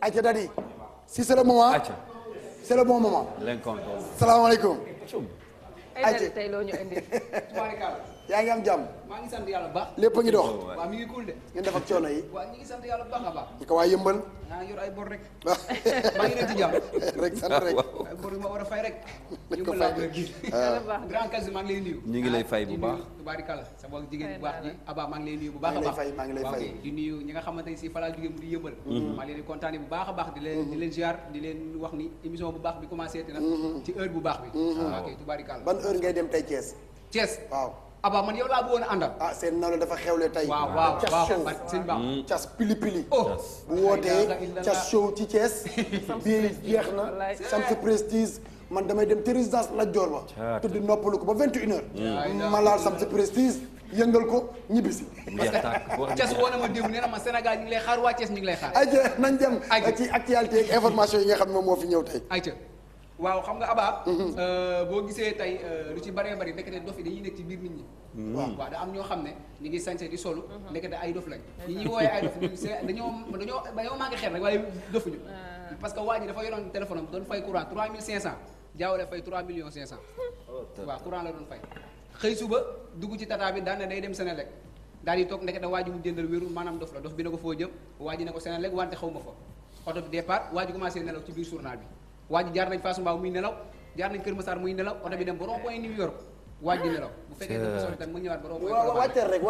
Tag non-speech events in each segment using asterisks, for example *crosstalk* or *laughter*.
ayca dadi si c'est le moment ayca c'est le bon moment. salaamaaleykum. ayca tey loo *laughs* yaa ngi am jàmm. maa ngi sant yàlla ba baax. lépp a ngi dox. waaw mi ngi cool de. ngeen def ak coono yi. waaw ngi sant yàlla bu baax a baax. ñu yëmbal. naa yor ay bor rek. *laughs* maa ngi leen di jàmm. *laughs* rek a fay ngi lay nuyu. ñu ngi lay fay bu ah, baax. tubaarikàlla jigéen bu baax ji Aba maa ngi lay nuyu bu baax a maa ngi lay fay di nga xamante ne si falaa jugee mu di yëmbal. Mm-hmm. bu baax a baax di leen mm-hmm. leen ziar di ni émission bu baax bi commencé te nag mm-hmm. ci heure bu baax bi. waaw ah, kay tubaarikàlla ban heure ngay dem tey Thiès. Thiès waaw Aba man yow laa bëggoon a àndal. ah seen nawle dafa xewle tey. waaw waaw waaw sëñ Ba hmm. cas pili pili. Oh. bu wootee cas show ci Thiès. *laughs* bii jeex na. Samsu Prestige man damay dem ci résidence la Dior ba. tudd noppalu ko ba vingt et une heures. ma laal Samsu Prestige yëngal ko ñibbisi. Thiès woo na ma Sénégal ñu ngi lay xaar waa Thiès ñu ngi lay xaar. ayca nañ dem. ci actualité information yi nga xam ne moom moo fi ñëw tey. waaw xam nga abaa mhm. euh, boo gisee tey euh, lu ci bëree bëri ndekete dof yi dañuy nekk ci biir nit ñi mhm. waaw waaw da am ñoo xam ne ñu ngi sañse di solu mhm. ndekete ay dof lañ ñi ñuy wooyee ay dof ñun dañoo dañoo dañoo manqué xel rek waaye dofuñu ah. parce que waa ji dafa yoroon téléphone am doon fay courant 3500 jaawale fay 3 millions 500 waaw courant la doon fay xëy suba dugg ci tata bi daan na day dem Senelec daal di toog ndekete waa ji mu jëndal wérul maanaam dof la dof bi ne ko foo jëm waa ji ne ko Senelec wante xaw ma ci biir journal bi waa ji jaar nañ Fass Mbao muy nelaw jaar nañ Kër Massar muy nelaw oto bi dem ba rond-point New York waaj di bu fekkee dafa sori tam mu ñëwaat ba rond-point Colobane wàcceel rek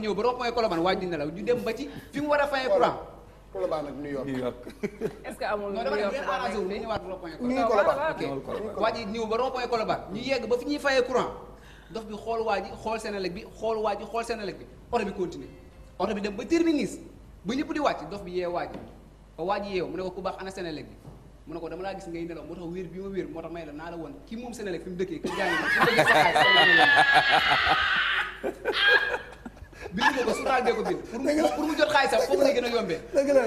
ñëw ba rond-point Colobane waaj di nelaw ñu dem ba ci fi mu war a fayee courant Colobane ak New York New York est-ce que amul New York ngeen arrangé wu ne ñëwaat rond-point Colobane ok waa ji ñëw ba rond-point Colobane ñu yegg ba fi ñuy fayee courant dox bi xool waa ji xool Senelec bi xool waa ji xool Senelec bi oto bi continuer oto bi dem ba terminus ba ñëpp di wàcc dox bi yee waa ji ba waa ji yeew mu ne ko ku baax ana Senelec bi mun ne ko dama laa gis ngay nelaw moo tax wér bi ma wér moo tax may la naa la woon ki moom Senelec fi mu dëkkee ki gaañu ma fi mu *laughs* bind ko ko journal bee ko bind pour pour mu jot xaalisam foofu la gën a yombee dëgg la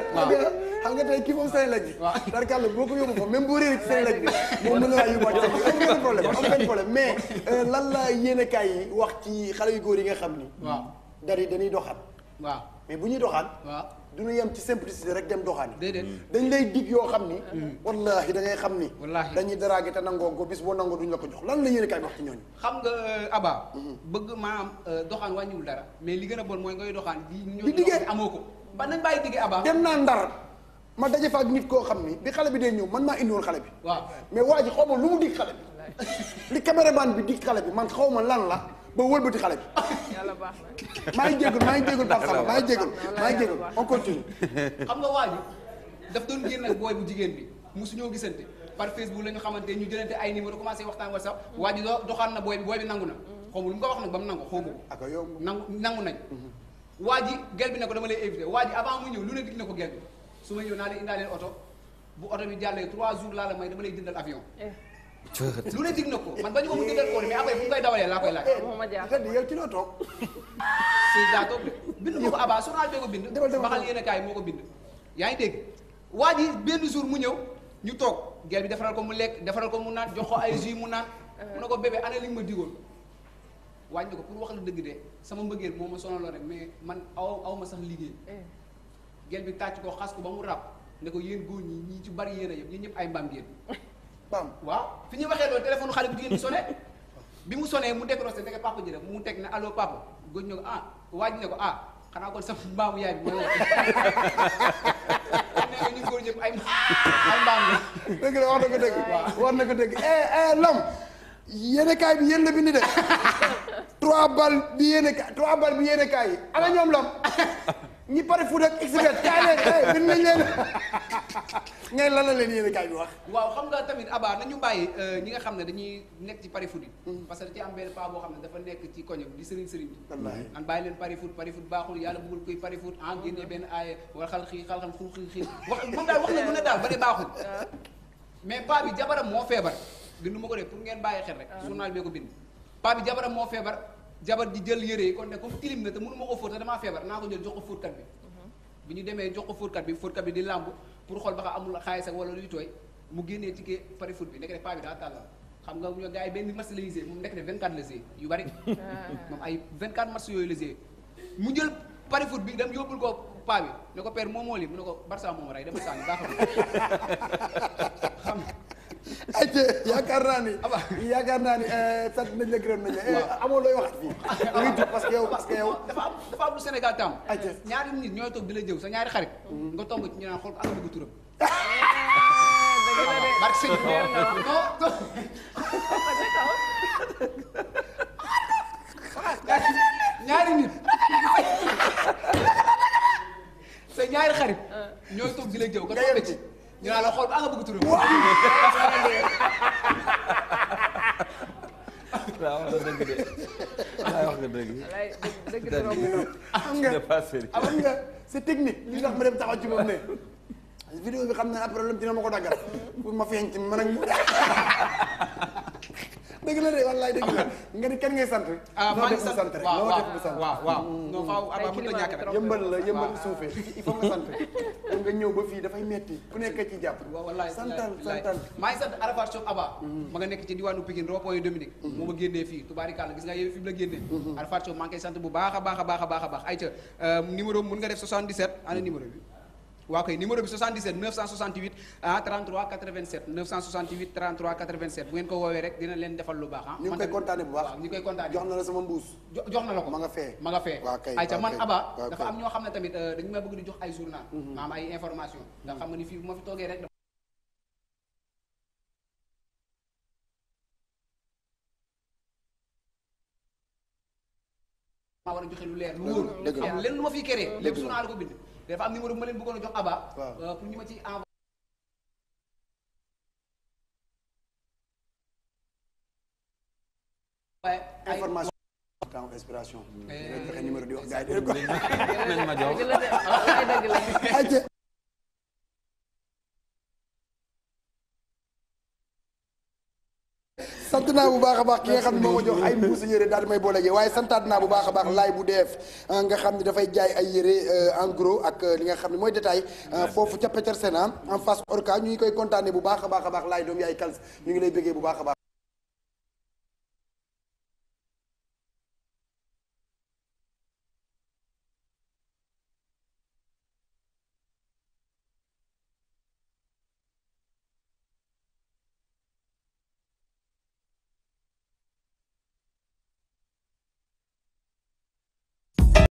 xam nga tey kii moom Senelec bi tarkal boo ko yóbbu ko même boo réeré ci Senelec bi moom mën na laa yóbbuwaat am benn problème am benn problème mais euh, lan la yéenekaay yi wax ci xale yu góor yi nga xam ni waaw dari dañuy doxat waaw mais bu ñuy doxaan. waaw du ñu yem ci simplicité rek dem doxaan. déedéet mm. dañ lay dig yoo xam ni. Mm. wallaahi da ngay xam ni. wallaahi dañuy daraage te nangoo ko bis boo nangoo duñ la ko jox lan la yéen a kaay wax ci ñooñu. xam nga euh, Aba. bëgg maam euh, doxaan wàññiwul dara mais li gën a bon mooy ngay doxaan. di liggéey amoo ko ba nañ bàyyi diggee Aba. dem naa ndar. ma daje fa ak nit koo xam ni bi xale bi dee ñëw man maa indiwoon xale bi. waaw mais waa ji xaw ma lu mu dig xale bi. li xale bi man xaw ma lan la ba wëlbati xale bi. yàlla baax na. maa ngi jégalu maa ngi jégalu Pape Samba maa xam nga waa ji daf doon génn ak booy bu jigéen bi mosuñoo gisante par Facebook la ñu xamante ñu jëlante ay numéro commencé waxtaan wala sax waa ji doxaan na booy bi booy bi nangu na. xaw ma lu mu ko wax nag ba mu nangu xaw nangu nañ. waa ji gel bi na ko dama lay invité waa ji avant mu ñëw lu ne dig na ko gel bi su ma ñëw naa leen indaaleen oto bu oto bi jàllee trois jours laa la may dama lay jëndal avion eh. lu ne dig na ko man bañu ko mu digal ko mais après fu ngay dawalee laa koy laaj. ma jaaxal yow ci loo toog. ko Aba journal bee ko bind. baxal yéen a kaay moo ko bind. yaa ngi dégg waa ji benn jour mu ñëw ñu toog gel bi defaral ko mu lekk defaral ko mu naan jox ko ay jus mu naan. Euh. mu ne ko bébé ana li nga ma digoon. wàññi ko pour wax la dëgg de sama mbëggeel moo ma sonaloon rek mais man aw aw ma sax liggéey. Euh. gel bi tàcc ko xas ko ba mu rab ne ko yéen góor ñi ñi ci bari yéen a yëpp ñun ñëpp ay mbaam ngeen *laughs* PAM waaw fi ñu waxee loolu téléphone xale bi jigéen bi sonné bi mu sonné mu décroché ndeke papa ji la mu teg ne allo papa góor ñu ne ko ah waaj ne ko ah xanaa kon sa mbaamu yaay bi mooy wax *laughs* ñu góor ñëpp ay ay mbaam la. dëgg la wax na ko dëgg. waaw war na ko dëgg eh eh Lam. yéenekaay bi yéen la bind de *laughs* trois balles bi yéenekaay trois balles bi yéenekaay yi ana ñoom Lam. *laughs* ñi pare fu rek expert kaay leen bin nañ leen ngay lan la leen yéen kaay bi wax waaw xam nga tamit Aba nañu bàyyi euh, ñi nga xam ne dañuy nekk ci pari foot yi hmm. parce da ci am benn paa boo xam ne dafa nekk ci koño di sëriñ sëriñ bi an bàyyi leen pari foot pari foot baaxul yàlla bëggul koy pari foot en ah, génnee benn aaya wala xal xii xal xam xul xii xii wax moom daal wax na lu ne daal ba baaxul *laughs* mais paa bi jabaram moo feebar bindu ma ko de pour ngeen bàyyi xel rek ah. journal bee ko bind paa bi jabaram moo feebar jabar ji jël yére yi kon ne comme tilim na te mënu ma ko fóot te damaa feebar naa ko jël jox ko fóotkat bi mhm. bi ñu demee jox ko fóotkat bi bi di làmb pour xool ba xam amul xaalis wala luy tooy mu génnee ticket pari foot bi nekk de paa bi daa tàllal xam nga ñoo gars yi benn match la lisee moom nekk de 24 la see yu bari ah. moom ay 24 match yooyu la see mu jël pari foot bi dem yóbbul ko paa bi ne ko père moomoo li mu ne ko Barça moom rey dama sànni baaxul *laughs* yaakaar naa ni ah yaakaar naa ni eh, sant nañ la gërëm nañ la eh, amoo looy waxat *laughs* fii parce que yow parce que yow dafa am dafa am lu Sénégal tam ñaari nit ñooy toog di la jëw sa ñaari xarit mm. nga tomb ci ñu naan xool ko ak bëgg turam *laughs* barke sëñ *laughs* ñaari nit sa ñaari xarit ñooy toog di la jëw nga tomb ci ñu naan la xool ba nga bëgg turam waaw *laughs* wax nga dëgg de waaw wax nga dëgg. dëgg xam nga *laughs* xam nga c'est technique. li tax ma dem taxaw ci moom ne. vidéo bi xam naa problème dina ma ko daggal pour ma feeñ ci man ak *laughs* dëgg la de wallaay dëgg la nga ni kenn ngay sant. ah maa ngi sant waaw mm. a ñàkk rek yëmbal nga sant nga ñëw ba fii metti ku nekk ci jàpp. wallaay sant Arafat Shop Aba. ma nga nekk ci diwaanu Pikine rond-point mm-hmm. fii tubaarikàlla gis mm-hmm. sant bu baax a baax a baax a baax ayca euh, numéro mun nga def 77 ana numéro bi. waa koy numéro bi 77 968 ah 33 87 968 33 87 bu ngeen ko woowee rek dina leen defal lu baax ah. ñu koy kontaanee bu baax jox na la sama mbuus. jox na la ko ma nga fee. ma nga man Aba. dafa am ñoo xam ne tamit euh, dañu ma bëgg di jox ay journal. Mm-hmm. ma am ay information nga xam ni fii bu ma fi toogee rek. joxe lu leer lu wóor. dëgg la am lenn lu ma fiy dafa am numéro bu ma leen bëggoon a jox Aba. Euh, pour ñu ma ci envoyé. information. temps inspiration. Euh, numéro di wax gars yi *laughs* *laughs* sant naa bu baax a baax ki nga xam ne moo ma jox ay mbuusu yére daal di may boole waaye santaat naa bu baax a baax laay bu deef euh, nga xam ne dafay jaay ay yére euh, en ak euh, li nga xam ne mooy détail foofu ca Petersen ah, en face Orca ñu ngi koy kontaane bu baax a baax a baax laay doom yaay kals ñu ngi lay bëggee bu baax a baax